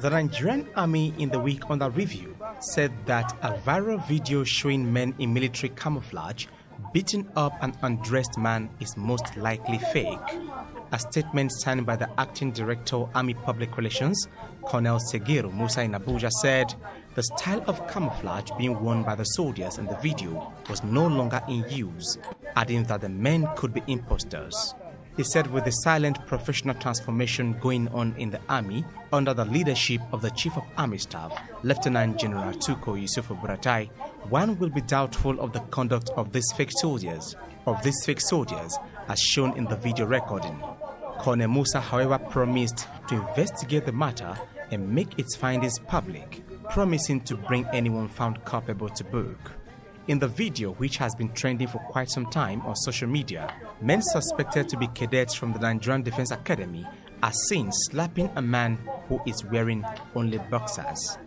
The Nigerian army in the week under review said that a viral video showing men in military camouflage beating up an undressed man is most likely fake. A statement signed by the acting director Army Public Relations, Colonel Segiro Musa in Abuja said the style of camouflage being worn by the soldiers in the video was no longer in use, adding that the men could be imposters. He said with the silent professional transformation going on in the army under the leadership of the Chief of Army Staff, Lieutenant General Tuko Yusufu Buratai, one will be doubtful of the conduct of these fake soldiers, of these fake soldiers as shown in the video recording. Kone Musa, however, promised to investigate the matter and make its findings public, promising to bring anyone found culpable to book. In the video, which has been trending for quite some time on social media, men suspected to be cadets from the Nigerian Defense Academy are seen slapping a man who is wearing only boxers.